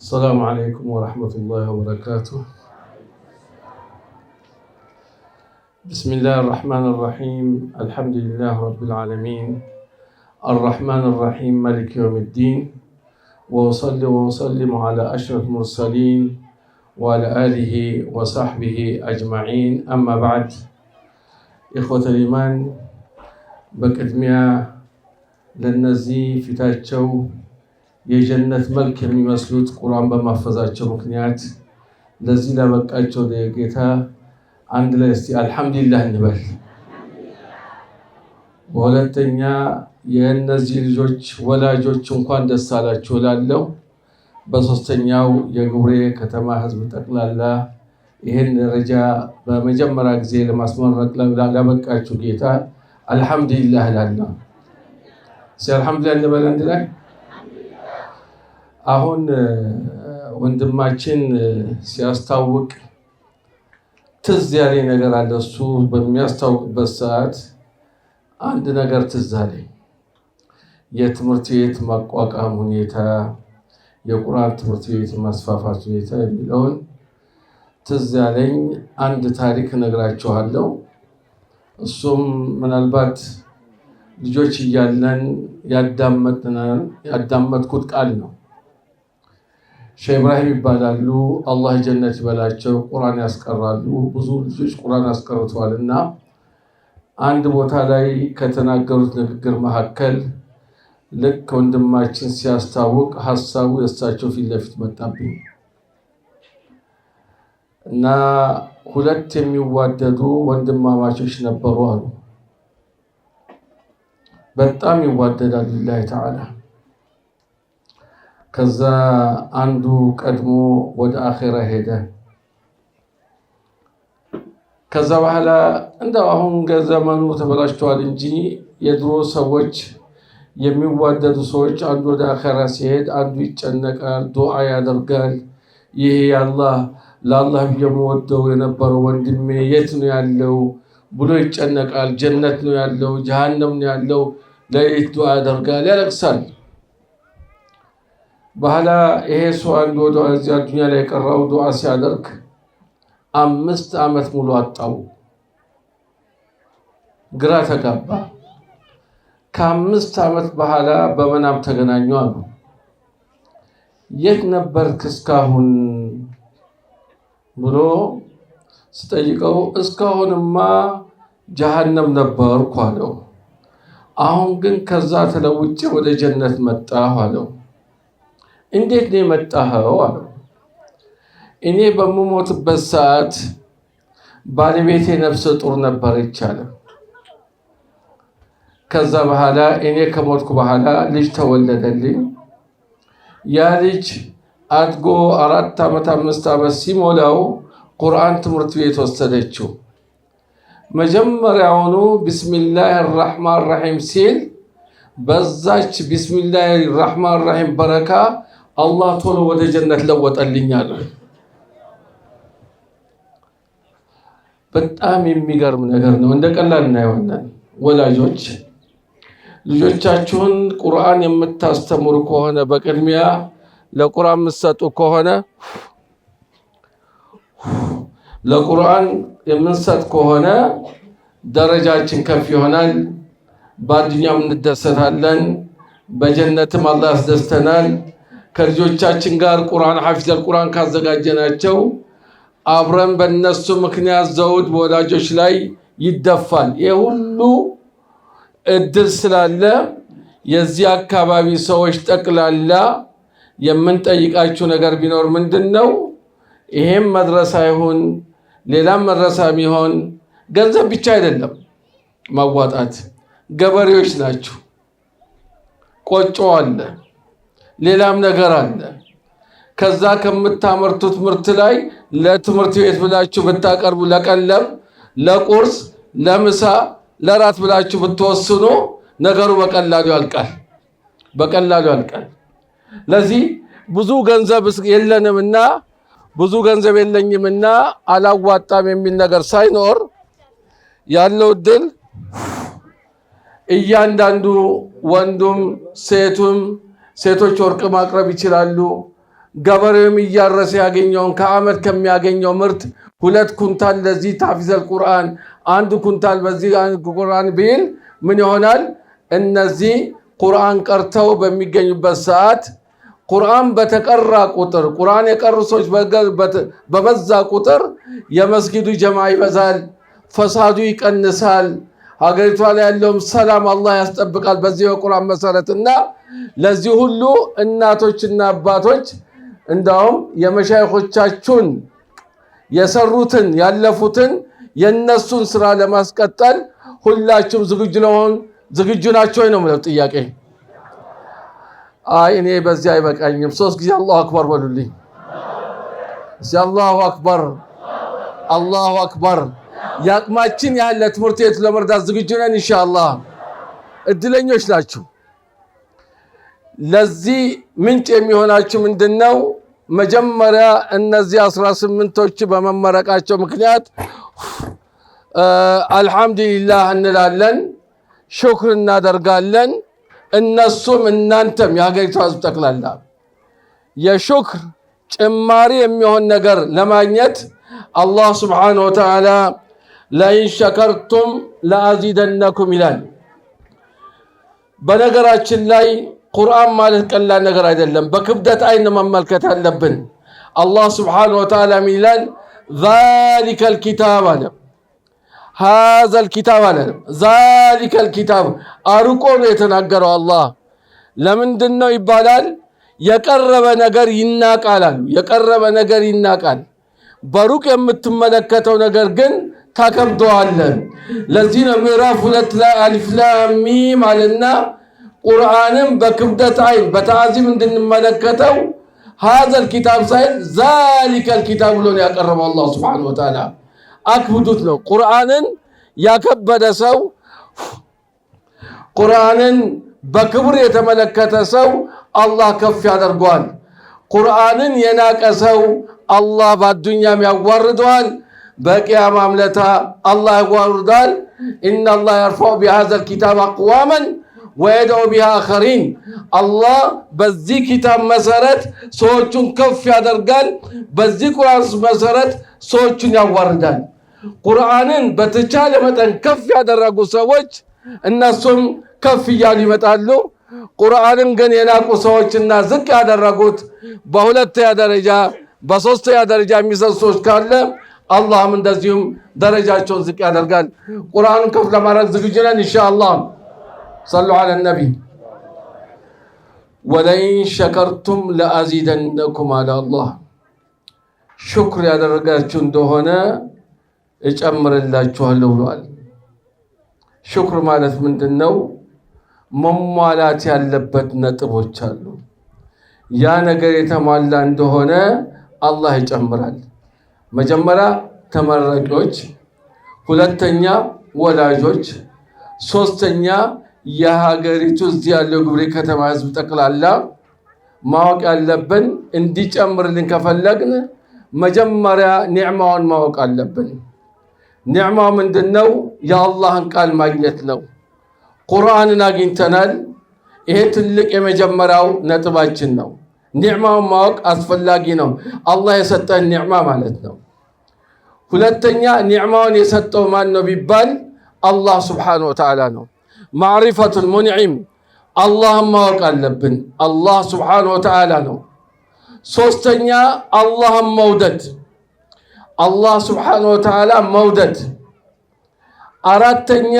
السلام عليكم ورحمة الله وبركاته بسم الله الرحمن الرحيم الحمد لله رب العالمين الرحمن الرحيم ملك يوم الدين وأصلي وأسلم على أشرف المرسلين وعلى آله وصحبه أجمعين أما بعد إخوة الإيمان بكتميا للنزي في تاتشو የጀነት መልክ የሚመስሉት ቁርአን በማፈዛቸው ምክንያት ለዚህ ላበቃቸው ጌታ አንድ ላይ እስቲ አልሐምዱሊላህ እንበል። በሁለተኛ የእነዚህ ልጆች ወላጆች እንኳን ደስ አላችሁ እላለሁ። በሶስተኛው የግብሬ ከተማ ህዝብ ጠቅላላ ይህን ደረጃ በመጀመሪያ ጊዜ ለማስመረቅ ላበቃችሁ ጌታ አልሐምዱሊላህ እላለሁ። እስቲ አልሐምዱሊላህ እንበል አንድ ላይ አሁን ወንድማችን ሲያስታውቅ ትዝ ያለኝ ነገር አለ። እሱ በሚያስታውቅበት ሰዓት አንድ ነገር ትዝ አለኝ። የትምህርት ቤት ማቋቋም ሁኔታ፣ የቁርአን ትምህርት ቤት ማስፋፋት ሁኔታ የሚለውን ትዝ ያለኝ አንድ ታሪክ እነግራችኋለሁ። እሱም ምናልባት ልጆች እያለን ያዳመጥኩት ቃል ነው። ሼህ ኢብራሂም ይባላሉ። አላህ ጀነት ይበላቸው። ቁርአን ያስቀራሉ። ብዙ ልጆች ቁርአን ያስቀርተዋል እና አንድ ቦታ ላይ ከተናገሩት ንግግር መካከል ልክ ወንድማችን ሲያስታውቅ ሀሳቡ የእሳቸው ፊት ለፊት መጣብኝ እና ሁለት የሚዋደዱ ወንድማማቾች ነበሩ አሉ። በጣም ይዋደዳሉ ሊላሂ ተዓላ ከዛ አንዱ ቀድሞ ወደ አኼራ ሄደ። ከዛ በኋላ እንደው አሁን ዘመኑ ተበላሽተዋል እንጂ የድሮ ሰዎች የሚዋደዱ ሰዎች አንዱ ወደ አኼራ ሲሄድ አንዱ ይጨነቃል፣ ዱዓ ያደርጋል። ይሄ ያላህ ለአላህ የምወደው የነበረው ወንድሜ የት ነው ያለው ብሎ ይጨነቃል። ጀነት ነው ያለው? ጀሃነም ነው ያለው? ለይት ዱዓ ያደርጋል፣ ያለቅሳል። በኋላ ይሄ ሰው አንዱ ወደ እዚያ ዱኒያ ላይ የቀረው ዱዓ ሲያደርግ አምስት ዓመት ሙሉ አጣው። ግራ ተጋባ። ከአምስት ዓመት በኋላ በመናም ተገናኙ አሉ። የት ነበርክ እስካሁን ብሎ ስጠይቀው እስካሁንማ ጀሃነም ነበርኩ አለው። አሁን ግን ከዛ ተለውጬ ወደ ጀነት መጣሁ አለው። እንዴት ነው የመጣኸው? አሉ እኔ በምሞትበት ሰዓት ባለቤቴ ነፍሰ ጡር ነበረች አለ። ከዛ በኋላ እኔ ከሞትኩ በኋላ ልጅ ተወለደልኝ። ያ ልጅ አድጎ አራት ዓመት አምስት ዓመት ሲሞላው ቁርአን ትምህርት ቤት ወሰደችው። መጀመሪያውኑ ቢስሚላህ ራህማን ራሒም ሲል በዛች ቢስሚላህ ራህማን ራሒም በረካ አላህ ቶሎ ወደ ጀነት ለወጠልኛል። በጣም የሚገርም ነገር ነው። እንደ ቀላል እናየዋለን። ወላጆች ልጆቻችሁን ቁርአን የምታስተምሩ ከሆነ በቅድሚያ ለቁርአን የምትሰጡ ከሆነ ለቁርአን የምንሰጥ ከሆነ ደረጃችን ከፍ ይሆናል። በአዱኛም እንደሰታለን፣ በጀነትም አላህ ያስደስተናል። ከልጆቻችን ጋር ቁርአን ሐፊዘል ቁርአን ካዘጋጀናቸው አብረን በነሱ ምክንያት ዘውድ በወላጆች ላይ ይደፋል። ይህ ሁሉ እድል ስላለ የዚህ አካባቢ ሰዎች ጠቅላላ የምንጠይቃችሁ ነገር ቢኖር ምንድን ነው? ይሄም መድረሳ ይሁን ሌላም መድረሳ የሚሆን ገንዘብ ብቻ አይደለም ማዋጣት። ገበሬዎች ናችሁ፣ ቆጮ አለ ሌላም ነገር አለ። ከዛ ከምታመርቱት ምርት ላይ ለትምህርት ቤት ብላችሁ ብታቀርቡ፣ ለቀለብ፣ ለቁርስ፣ ለምሳ፣ ለራት ብላችሁ ብትወስኑ ነገሩ በቀላሉ ያልቃል። በቀላሉ ያልቃል። ለዚህ ብዙ ገንዘብ የለንምና ብዙ ገንዘብ የለኝምና አላዋጣም የሚል ነገር ሳይኖር ያለው እድል እያንዳንዱ ወንዱም ሴቱም ሴቶች ወርቅ ማቅረብ ይችላሉ። ገበሬውም እያረሰ ያገኘውን ከዓመት ከሚያገኘው ምርት ሁለት ኩንታል ለዚህ ታፊዘል ቁርአን አንድ ኩንታል በዚህ ቁርአን ቢል ምን ይሆናል? እነዚህ ቁርአን ቀርተው በሚገኙበት ሰዓት ቁርአን በተቀራ ቁጥር ቁርአን የቀሩ ሰዎች በበዛ ቁጥር የመስጊዱ ጀማ ይበዛል፣ ፈሳዱ ይቀንሳል። ሀገሪቷ ላይ ያለውም ሰላም አላህ ያስጠብቃል። በዚህ በቁርአን መሰረት እና ለዚህ ሁሉ እናቶችና አባቶች እንዳውም የመሻይኮቻችሁን የሰሩትን ያለፉትን የነሱን ስራ ለማስቀጠል ሁላችሁም ዝግጁ ለሆን ዝግጁ ናቸው ነው የምለው ጥያቄ። አይ እኔ በዚህ አይበቃኝም። ሶስት ጊዜ አላሁ አክበር በሉልኝ። እዚ አላሁ አክበር፣ አላሁ አክበር የአቅማችን ያህል ለትምህርት ቤቱ ለመርዳት ዝግጁ ነን። ኢንሻአላህ እድለኞች ናችሁ። ለዚህ ምንጭ የሚሆናችሁ ምንድን ነው? መጀመሪያ እነዚህ አስራ ስምንቶች በመመረቃቸው ምክንያት አልሐምዱሊላህ እንላለን፣ ሹክር እናደርጋለን። እነሱም እናንተም የሀገሪቷ ህዝብ ጠቅላላ የሹክር ጭማሪ የሚሆን ነገር ለማግኘት አላህ ስብሓነሁ ወተዓላ ለኢን ሸከርቱም ለአዚደነኩም ይላል። በነገራችን ላይ ቁርአን ማለት ቀላል ነገር አይደለም። በክብደት አይን መመልከት አለብን። አላህ ስብሓነሁ ወተዓላ ምን ይላል? ዛሊከል ኪታብ አለ ሀዘል ኪታብ አለ ዛሊከል ኪታብ አርቆ ነው የተናገረው አላህ። ለምንድን ነው ይባላል? የቀረበ ነገር ይናቃል አሉ። የቀረበ ነገር ይናቃል። በሩቅ የምትመለከተው ነገር ግን ታከብደዋለን። ለዚህ ነው ምዕራፍ ሁለት ላይ አሊፍላሚም አልና ቁርአንም በክብደት አይን በተዓዚም እንድንመለከተው ሀዘል ኪታብ ሳይል ዛሊከል ኪታብ ብሎ ያቀረበው አላህ ስብሐነሁ ወተዓላ አክብዱት ነው። ቁርአንን ያከበደ ሰው ቁርአንን በክብር የተመለከተ ሰው አላህ ከፍ ያደርገዋል። ቁርአንን የናቀ ሰው አላህ በአዱኛም ያዋርደዋል። በቅያማ ምለታ አላህ ያዋርዳል። ኢነላህ የርፋዑ ቢሃዘል ኪታብ አቅዋመን ወየደው ቢሃ አኸሪን። አላህ በዚህ ኪታብ መሰረት ሰዎቹን ከፍ ያደርጋል። በዚህ ቁርአን መሰረት ሰዎቹን ያዋርዳል። ቁርአንን በተቻለ መጠን ከፍ ያደረጉ ሰዎች እነሱም ከፍ እያሉ ይመጣሉ። ቁርአንን ግን የናቁ ሰዎችና ዝቅ ያደረጉት በሁለተኛ ደረጃ በሶስተኛ ደረጃ የሚሰጥ ሰዎች ካለ አላህም እንደዚሁም ደረጃቸውን ዝቅ ያደርጋል። ቁርአኑን ከፍ ለማድረግ ዝግጁ ነን ኢንሻአላህ። ሰሉ ዐለ ነቢይ ወለይን ሸከርቱም ለአዚደነኩም አለ አላህ። ሽኩር ያደረጋችሁ እንደሆነ እጨምርላችኋለሁ ብሏል። ሽኩር ማለት ምንድን ነው? መሟላት ያለበት ነጥቦች አሉ። ያ ነገር የተሟላ እንደሆነ አላህ ይጨምራል። መጀመሪያ ተመራቂዎች፣ ሁለተኛ ወላጆች፣ ሶስተኛ የሀገሪቱ እዚህ ያለው ጉብሬ ከተማ ህዝብ ጠቅላላ ማወቅ ያለብን እንዲጨምርልን ከፈለግን መጀመሪያ ኒዕማውን ማወቅ አለብን። ኒዕማው ምንድን ነው? የአላህን ቃል ማግኘት ነው። ቁርአንን አግኝተናል። ይሄ ትልቅ የመጀመሪያው ነጥባችን ነው። ኒዕማውን ማወቅ አስፈላጊ ነው። አላህ የሰጠን ኒዕማ ማለት ነው። ሁለተኛ ኒዕማውን የሰጠው ማን ነው ቢባል አላህ ስብሓነሁ ወተዓላ ነው። ማዕሪፈቱል ሙንዒም አላህን ማወቅ አለብን። አላህ ስብሓነሁ ወተዓላ ነው። ሶስተኛ አላህን መውደድ፣ አላህ ስብሓነሁ ወተዓላ መውደድ። አራተኛ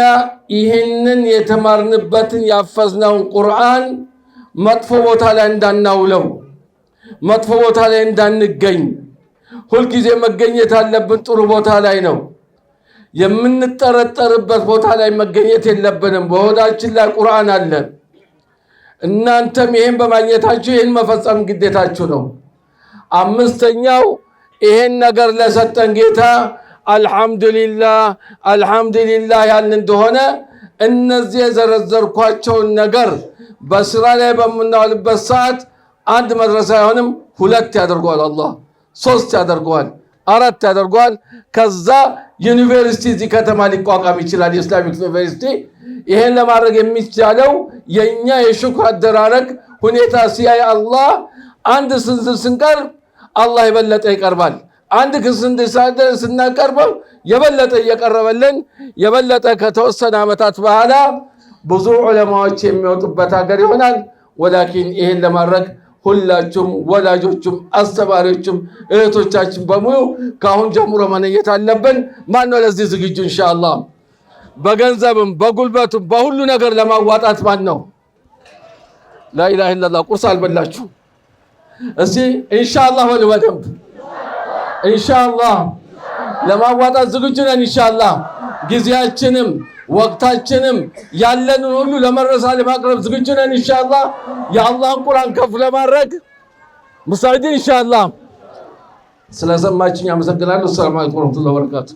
ይህንን የተማርንበትን ያፈዝነውን ቁርአን መጥፎ ቦታ ላይ እንዳናውለው መጥፎ ቦታ ላይ እንዳንገኝ ሁልጊዜ መገኘት ያለብን ጥሩ ቦታ ላይ ነው። የምንጠረጠርበት ቦታ ላይ መገኘት የለብንም። በሆዳችን ላይ ቁርአን አለ። እናንተም ይሄን በማግኘታችሁ ይህን መፈጸም ግዴታችሁ ነው። አምስተኛው ይሄን ነገር ለሰጠን ጌታ አልሐምዱሊላህ አልሐምዱሊላህ ያልን እንደሆነ እነዚህ የዘረዘርኳቸውን ነገር በስራ ላይ በምናውልበት ሰዓት አንድ መድረሳ አይሆንም፣ ሁለት ያደርገዋል። አላህ ሶስት ያደርገዋል፣ አራት ያደርገዋል። ከዛ ዩኒቨርሲቲ እዚህ ከተማ ሊቋቋም ይችላል፣ የኢስላሚክ ዩኒቨርሲቲ። ይሄን ለማድረግ የሚቻለው የእኛ የሽኩር አደራረግ ሁኔታ ሲያይ አላህ አንድ ስንዝር ስንቀርብ አላህ የበለጠ ይቀርባል። አንድ ክስንድ ስናቀርበው የበለጠ እየቀረበልን የበለጠ ከተወሰነ ዓመታት በኋላ ብዙ ዑለማዎች የሚወጡበት ሀገር ይሆናል። ወላኪን ይህን ለማድረግ ሁላችሁም ወላጆችም አስተማሪዎችም እህቶቻችን በሙሉ ከአሁን ጀምሮ መነየት አለብን። ነው ለዚህ ዝግጁ? እንሻላ በገንዘብም በጉልበቱም በሁሉ ነገር ለማዋጣት ማን ነው? ላኢላህ ኢላላህ። ቁርስ አልበላችሁ እስቲ እንሻላ በሉ። በደንብ እንሻላ ለማዋጣት ዝግጁ ነን። እንሻላ ጊዜያችንም ወቅታችንም ያለንን ሁሉ ለመድረሳ ለማቅረብ ዝግጁ ነን። ኢንሻአላ የአላህን ቁርአን ከፍ ለማድረግ ሙስታዒዲን ኢንሻአላ። ስለሰማችኝ አመሰግናለሁ። ሰላም አለይኩም ወረህመቱላሂ ወበረካቱ።